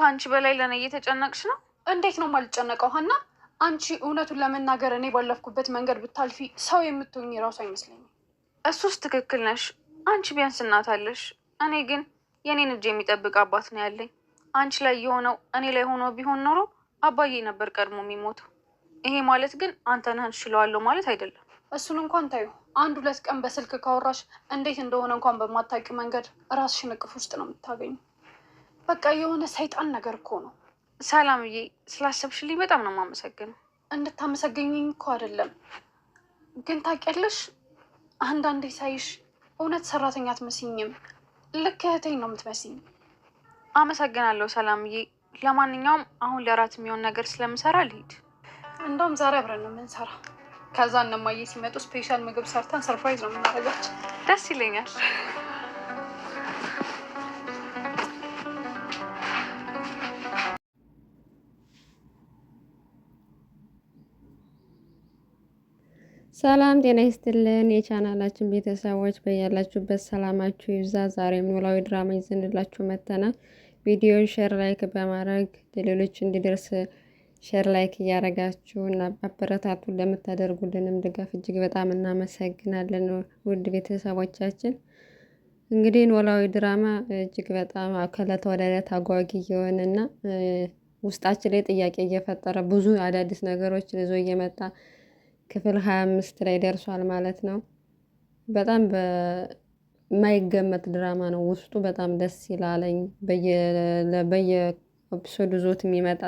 ከአንቺ በላይ ለእኔ እየተጨነቅሽ ነው። እንዴት ነው የማልጨነቀው ሀና? አንቺ እውነቱን ለመናገር እኔ ባለፍኩበት መንገድ ብታልፊ ሰው የምትሆኝ ራሱ አይመስለኝም። እሱስ ትክክል ነሽ። አንቺ ቢያንስ እናት አለሽ። እኔ ግን የእኔን እጅ የሚጠብቅ አባት ነው ያለኝ። አንቺ ላይ የሆነው እኔ ላይ ሆኖ ቢሆን ኖሮ አባዬ ነበር ቀድሞ የሚሞተው። ይሄ ማለት ግን አንተ ነህን እችለዋለሁ ማለት አይደለም። እሱን እንኳን ታዩ አንድ ሁለት ቀን በስልክ ካወራሽ እንዴት እንደሆነ እንኳን በማታውቂው መንገድ ራስሽን እቅፍ ውስጥ ነው የምታገኙ። በቃ የሆነ ሰይጣን ነገር እኮ ነው። ሰላምዬ ስላሰብሽልኝ በጣም ነው የማመሰግነው። እንድታመሰገኝኝ እኮ አይደለም ግን ታውቂያለሽ፣ አንዳንዴ ሳይሽ እውነት ሰራተኛ አትመስኝም፣ ልክ እህቴን ነው የምትመስኝ። አመሰግናለሁ ሰላምዬ። ለማንኛውም አሁን ለራት የሚሆን ነገር ስለምሰራ ልሂድ። እንደውም ዛሬ አብረን ነው የምንሰራ። ከዛ እነማዬ ሲመጡ ስፔሻል ምግብ ሰርተን ሰርፕራይዝ ነው የምናደርጋቸው። ደስ ይለኛል። ሰላም ጤና ይስጥልን የቻናላችን ቤተሰቦች በያላችሁበት ሰላማችሁ ይብዛ። ዛሬም ኖላዊ ድራማ ይዘንላችሁ መጥተናል። ቪዲዮን ሼር ላይክ በማድረግ ለሌሎች እንዲደርስ ሼር ላይክ እያደረጋችሁ እና አበረታቱ። ለምታደርጉልንም ድጋፍ እጅግ በጣም እናመሰግናለን ውድ ቤተሰቦቻችን። እንግዲህ ኖላዊ ድራማ እጅግ በጣም ከዕለት ወደ ዕለት አጓጊ የሆነና ውስጣችን ላይ ጥያቄ እየፈጠረ ብዙ አዳዲስ ነገሮችን ይዞ እየመጣ ክፍል ሀያ አምስት ላይ ደርሷል ማለት ነው። በጣም በማይገመት ድራማ ነው። ውስጡ በጣም ደስ ይላለኝ። በየኤፒሶዱ ዞት የሚመጣ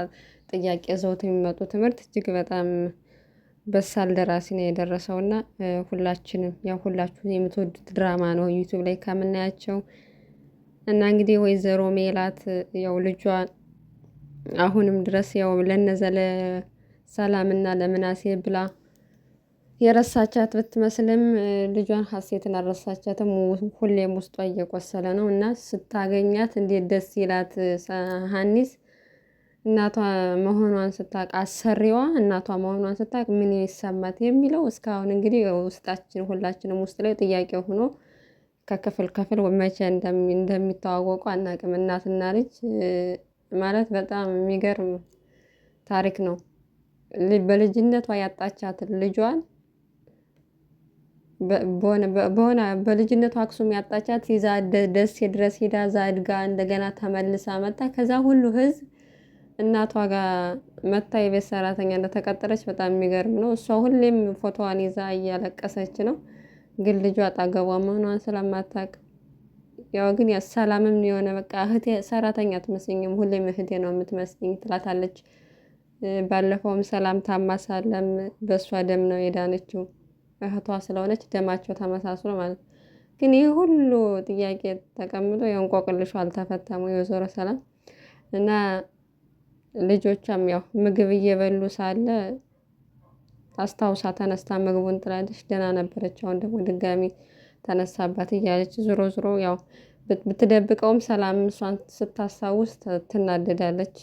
ጥያቄ፣ ዘውት የሚመጡ ትምህርት እጅግ በጣም በሳል ደራሲ ነው የደረሰው እና ሁላችንም ያው ሁላችሁ የምትወዱት ድራማ ነው ዩቱብ ላይ ከምናያቸው እና እንግዲህ ወይዘሮ ሜላት ያው ልጇ አሁንም ድረስ ያው ለነዘለ ሰላምና ለምናሴ ብላ የረሳቻት ብትመስልም ልጇን ሀሴትን አረሳቻትም ሁሌም ውስጧ እየቆሰለ ነው እና ስታገኛት እንዴት ደስ ይላት ሀኒስ እናቷ መሆኗን ስታቅ አሰሪዋ እናቷ መሆኗን ስታቅ ምን ይሰማት የሚለው እስካሁን እንግዲህ ውስጣችን ሁላችንም ውስጥ ላይ ጥያቄ ሆኖ ከክፍል ክፍል መቼ እንደሚተዋወቁ አናቅም። እናትና ልጅ ማለት በጣም የሚገርም ታሪክ ነው። በልጅነቷ ያጣቻትን ልጇን በሆነ በልጅነቱ አክሱም ያጣቻት ይዛ ደሴ ድረስ ሄዳ ዛ እድጋ እንደገና ተመልሳ መጣ። ከዛ ሁሉ ህዝብ እናቷ ጋር መታ የቤት ሰራተኛ እንደተቀጠረች በጣም የሚገርም ነው። እሷ ሁሌም ፎቶዋን ይዛ እያለቀሰች ነው፣ ግን ልጇ አጣገቧ መሆኗን ስለማታውቅ ያው ግን ሰላምም የሆነ በቃ እህቴ ሰራተኛ አትመስኝም፣ ሁሌም እህቴ ነው የምትመስኝ ትላታለች። ባለፈውም ሰላም ታማሳለም በእሷ ደም ነው የዳነችው። እህቷ ስለሆነች ደማቸው ተመሳስሎ ማለት ነው። ግን ይህ ሁሉ ጥያቄ ተቀምጦ የእንቆቅልሹ አልተፈተሙ የዞረ ሰላም እና ልጆቿም ያው ምግብ እየበሉ ሳለ አስታውሳ ተነስታ ምግቡን ጥላለች። ደህና ነበረች። አሁን ደግሞ ድጋሚ ተነሳባት እያለች ዞሮ ዞሮ ያው ብትደብቀውም ሰላም እሷን ስታስታውስ ትናደዳለች።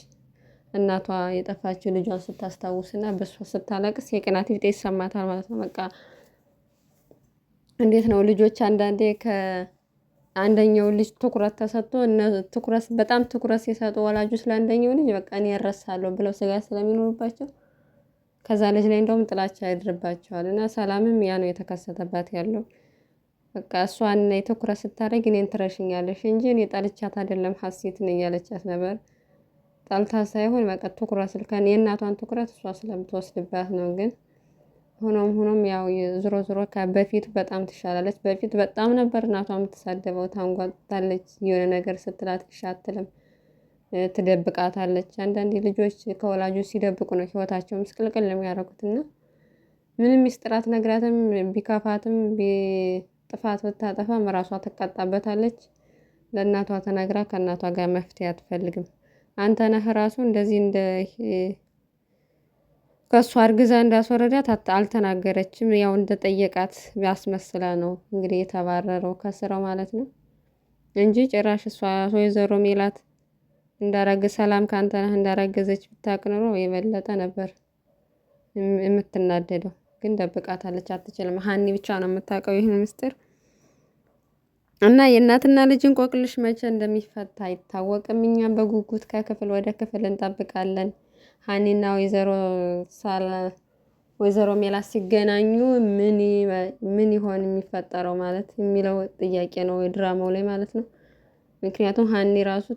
እናቷ የጠፋችው ልጇን ስታስታውስ እና በእሷ ስታለቅስ የቅናት ይብጤ ይሰማታል ማለት ነው በቃ እንዴት ነው ልጆች አንዳንዴ ከአንደኛው ልጅ ትኩረት ተሰጥቶ ትኩረት በጣም ትኩረት ሲሰጡ ወላጆች ለአንደኛው ልጅ በቃ እኔ እረሳለሁ ብለው ስጋት ስለሚኖሩባቸው ከዛ ልጅ ላይ እንደውም ጥላቻ ያድርባቸዋል። እና ሰላምም ያ ነው የተከሰተባት ያለው በቃ እሷን የትኩረት ስታደርግ እኔን ትረሽኛለሽ እንጂ እኔ ጠልቻት አይደለም ሀሴትን እያለቻት ነበር። ጠልታ ሳይሆን በቃ ትኩረት ስልከን የእናቷን ትኩረት እሷ ስለምትወስድባት ነው ግን ሆኖም ሆኖም ያው ዝሮ ዞሮ በፊቱ በጣም ትሻላለች። በፊት በጣም ነበር እናቷ የምትሳደበው፣ ታንጓጣለች፣ የሆነ ነገር ስትላት እሺ ትደብቃታለች። አንዳንዴ ልጆች ከወላጆች ሲደብቁ ነው ህይወታቸውም ምስቅልቅል የሚያደርጉት እና ምንም ሚስጥራት ነግራትም ቢከፋትም ጥፋት ብታጠፋም ራሷ ትቀጣበታለች። ለእናቷ ተነግራ ከእናቷ ጋር መፍትሄ አትፈልግም። አንተ ነህ ራሱ እንደዚህ እንደ ከእሷ አርግዛ እንዳስወረዳት አልተናገረችም። ያው እንደጠየቃት ያስመስለ ነው እንግዲህ የተባረረው ከስራው ማለት ነው እንጂ ጭራሽ እሷ ወይዘሮ ሜላት እንዳረግ ሰላም ከአንተ እንዳረገዘች ብታውቅ ኖሮ የበለጠ ነበር የምትናደደው። ግን ደብቃታለች፣ አትችልም። ሀኒ ብቻ ነው የምታውቀው ይህን ምስጢር እና የእናትና ልጅን ቆቅልሽ መቼ እንደሚፈታ አይታወቅም። እኛም በጉጉት ከክፍል ወደ ክፍል እንጠብቃለን። ሀኒና ወይዘሮ ወይዘሮ ሜላ ሲገናኙ ምን ይሆን የሚፈጠረው ማለት የሚለው ጥያቄ ነው ድራማው ላይ ማለት ነው። ምክንያቱም ሀኒ ራሱ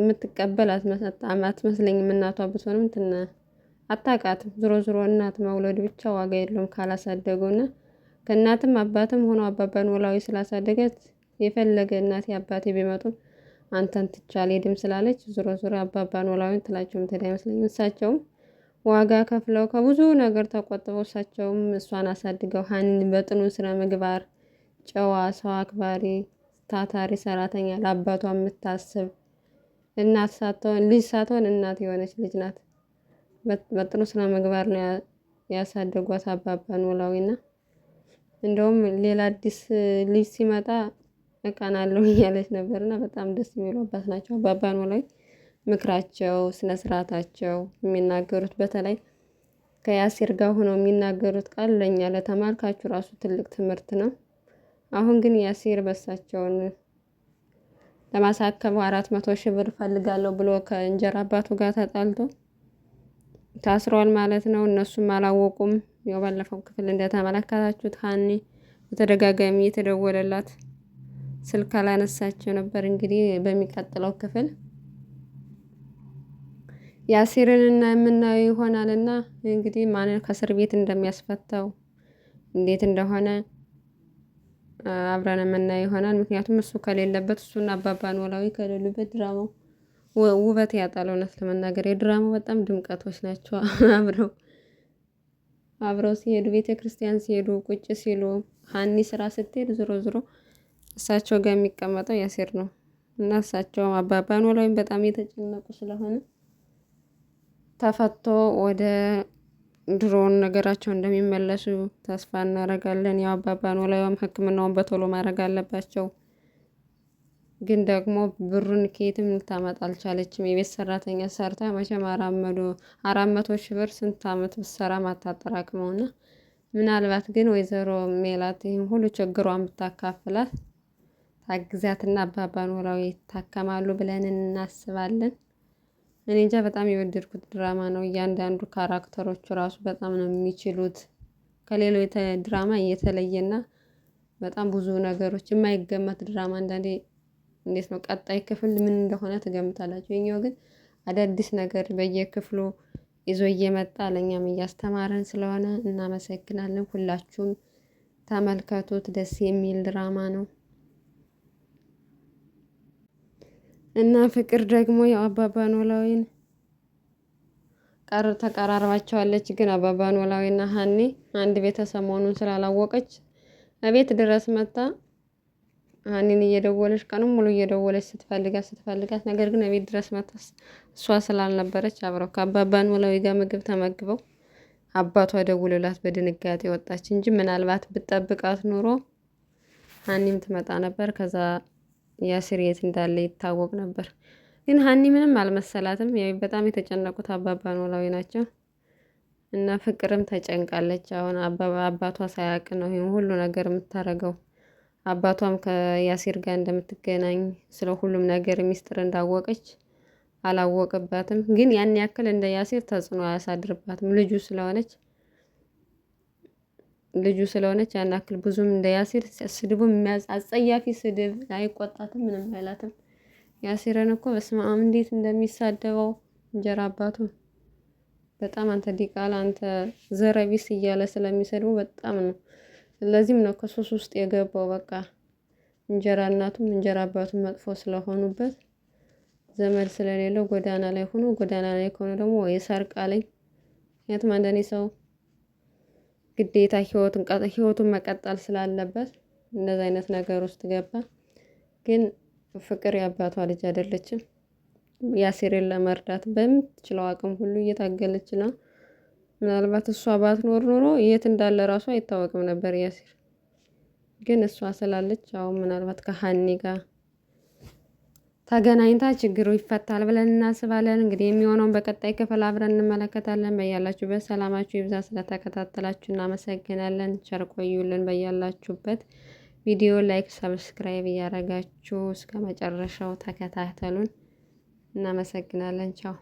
የምትቀበል አትመስለኝም። እናቷ ብትሆንም ትነ አታውቃትም። ዝሮ ዝሮ እናት መውለድ ብቻ ዋጋ የለውም ካላሳደገውና ከእናትም አባትም ሆኖ አባባን ወላዊ ስላሳደገት የፈለገ እናቴ አባቴ ቢመጡም አንተን ትቼ አልሄድም ስላለች ዙሮ ዙሮ አባባ ኖላዊን ትላቸውም ትሄድ አይመስለኝም። እሳቸውም ዋጋ ከፍለው ከብዙ ነገር ተቆጥበው እሳቸውም እሷን አሳድገው ሀኒን በጥኑ ስነ ምግባር ጨዋ፣ ሰው አክባሪ፣ ታታሪ ሰራተኛ፣ ለአባቷ የምታስብ እናት ሳትሆን ልጅ ሳትሆን እናት የሆነች ልጅ ናት። በጥሩ ስነ ምግባር ነው ያሳደጓት አባባ ኖላዊና እንደውም ሌላ አዲስ ልጅ ሲመጣ እቀናለሁ እያለች ነበር እና በጣም ደስ የሚሉ አባት ናቸው። አባባ ኖላዊ ምክራቸው፣ ስነ ስርዓታቸው፣ የሚናገሩት በተለይ ከያሴር ጋር ሆነው የሚናገሩት ቃል ለእኛ ለተማርካችሁ ራሱ ትልቅ ትምህርት ነው። አሁን ግን ያሴር በሳቸውን ለማሳከም አራት መቶ ሺህ ብር ፈልጋለሁ ብሎ ከእንጀራ አባቱ ጋር ተጣልቶ ታስሯል ማለት ነው። እነሱም አላወቁም። ያው ባለፈው ክፍል እንደተመለከታችሁት ሀኒ በተደጋጋሚ የተደወለላት ስልክ አላነሳቸው ነበር። እንግዲህ በሚቀጥለው ክፍል ያሲርንና የምናየው ይሆናልና እንግዲህ ማን ከእስር ቤት እንደሚያስፈታው እንዴት እንደሆነ አብረን የምናየው ይሆናል። ምክንያቱም እሱ ከሌለበት እሱና አባባ ኖላዊ ከሌሉበት ድራማው ውበት ያጣል። እውነት ለመናገር የድራማው በጣም ድምቀቶች ናቸው። አብረው አብረው ሲሄዱ ቤተ ክርስቲያን ሲሄዱ ቁጭ ሲሉ ሀኒ ስራ ስትሄድ ዝሮ ዝሮ እሳቸው ጋር የሚቀመጠው ያሲር ነው እና እሳቸው አባባ ኖላዊም በጣም የተጨነቁ ስለሆነ ተፈቶ ወደ ድሮውን ነገራቸው እንደሚመለሱ ተስፋ እናደርጋለን። ያው አባባ ኖላዊም ሕክምናውን በቶሎ ማድረግ አለባቸው። ግን ደግሞ ብሩን ከየትም ልታመጣ አልቻለችም። የቤት ሰራተኛ ሰርታ መቼም አራት መቶ ሺህ ብር ስንት አመት ብትሰራ ማታጠራቅመውና ምናልባት ግን ወይዘሮ ሜላት ይህም ሁሉ ችግሯን ብታካፍላት ታግዛትና አባባ ኖላዊ ይታከማሉ ብለን እናስባለን። እኔ እንጃ በጣም የወደድኩት ድራማ ነው። እያንዳንዱ ካራክተሮቹ ራሱ በጣም ነው የሚችሉት። ከሌላው ድራማ እየተለየና በጣም ብዙ ነገሮች የማይገመት ድራማ። አንዳንዴ እንዴት ነው ቀጣይ ክፍል ምን እንደሆነ ትገምታላችሁ። የኛው ግን አዳዲስ ነገር በየክፍሉ ይዞ እየመጣ ለእኛም እያስተማረን ስለሆነ እናመሰግናለን። ሁላችሁም ተመልከቱት። ደስ የሚል ድራማ ነው። እና ፍቅር ደግሞ ያው አባባ ኖላዊን ቀር ተቀራርባቸዋለች። ግን አባባ ኖላዊና ሀኒ አንድ ቤተሰብ መሆኑን ስላላወቀች እቤት ድረስ መታ ሀኒን እየደወለች ቀኑ ሙሉ እየደወለች ስትፈልጋት ስትፈልጋት፣ ነገር ግን እቤት ድረስ መታ እሷ ስላልነበረች አብረው ከአባባ ኖላዊ ጋር ምግብ ተመግበው አባቷ ደውሎላት በድንጋጤ ወጣች እንጂ ምናልባት ብትጠብቃት ኑሮ ሀኒም ትመጣ ነበር ከዛ ያሲር የት እንዳለ ይታወቅ ነበር። ግን ሀኒ ምንም አልመሰላትም። በጣም የተጨነቁት አባባ ኖላዊ ናቸው እና ፍቅርም ተጨንቃለች። አሁን አባቷ ሳያውቅ ነው ይህን ሁሉ ነገር የምታደርገው። አባቷም ከያሲር ጋር እንደምትገናኝ ስለ ሁሉም ነገር ሚስጥር እንዳወቀች አላወቅባትም። ግን ያን ያክል እንደ ያሲር ተጽዕኖ አያሳድርባትም ልጁ ስለሆነች ልጁ ስለሆነች ያን አክል ብዙም እንደ ያሲር ስድቡም የሚያዝ አጸያፊ ስድብ አይቆጣትም፣ ምንም አይላትም። ያሲረን እኮ በስመ አብ እንዴት እንደሚሳደበው እንጀራ አባቱ በጣም አንተ ዲቃል አንተ ዘረቢስ እያለ ስለሚሰድቡ በጣም ነው። ስለዚህም ነው ከሶስት ውስጥ የገባው። በቃ እንጀራ እናቱም እንጀራ አባቱም መጥፎ ስለሆኑበት ዘመድ ስለሌለው ጎዳና ላይ ሆኖ ጎዳና ላይ ከሆነ ደግሞ ወይ ሰርቃለኝ ምክንያቱም አንደኔ ሰው ግዴታ ህይወቱን መቀጠል ስላለበት እንደዚህ አይነት ነገር ውስጥ ገባ። ግን ፍቅር የአባቷ ልጅ አይደለችም። ያሲርን ለመርዳት በምትችለው አቅም ሁሉ እየታገለች ነው። ምናልባት እሷ ባትኖር ኖሮ የት እንዳለ ራሱ አይታወቅም ነበር ያሲር። ግን እሷ ስላለች አሁን ምናልባት ከሀኒ ጋር ተገናኝታ ችግሩ ይፈታል ብለን እናስባለን። እንግዲህ የሚሆነውን በቀጣይ ክፍል አብረን እንመለከታለን። በያላችሁበት ሰላማችሁ ይብዛ። ስለተከታተላችሁ እናመሰግናለን። ቸር ቆዩልን። በያላችሁበት ቪዲዮ ላይክ፣ ሰብስክራይብ እያደረጋችሁ እስከ መጨረሻው ተከታተሉን። እናመሰግናለን። ቻው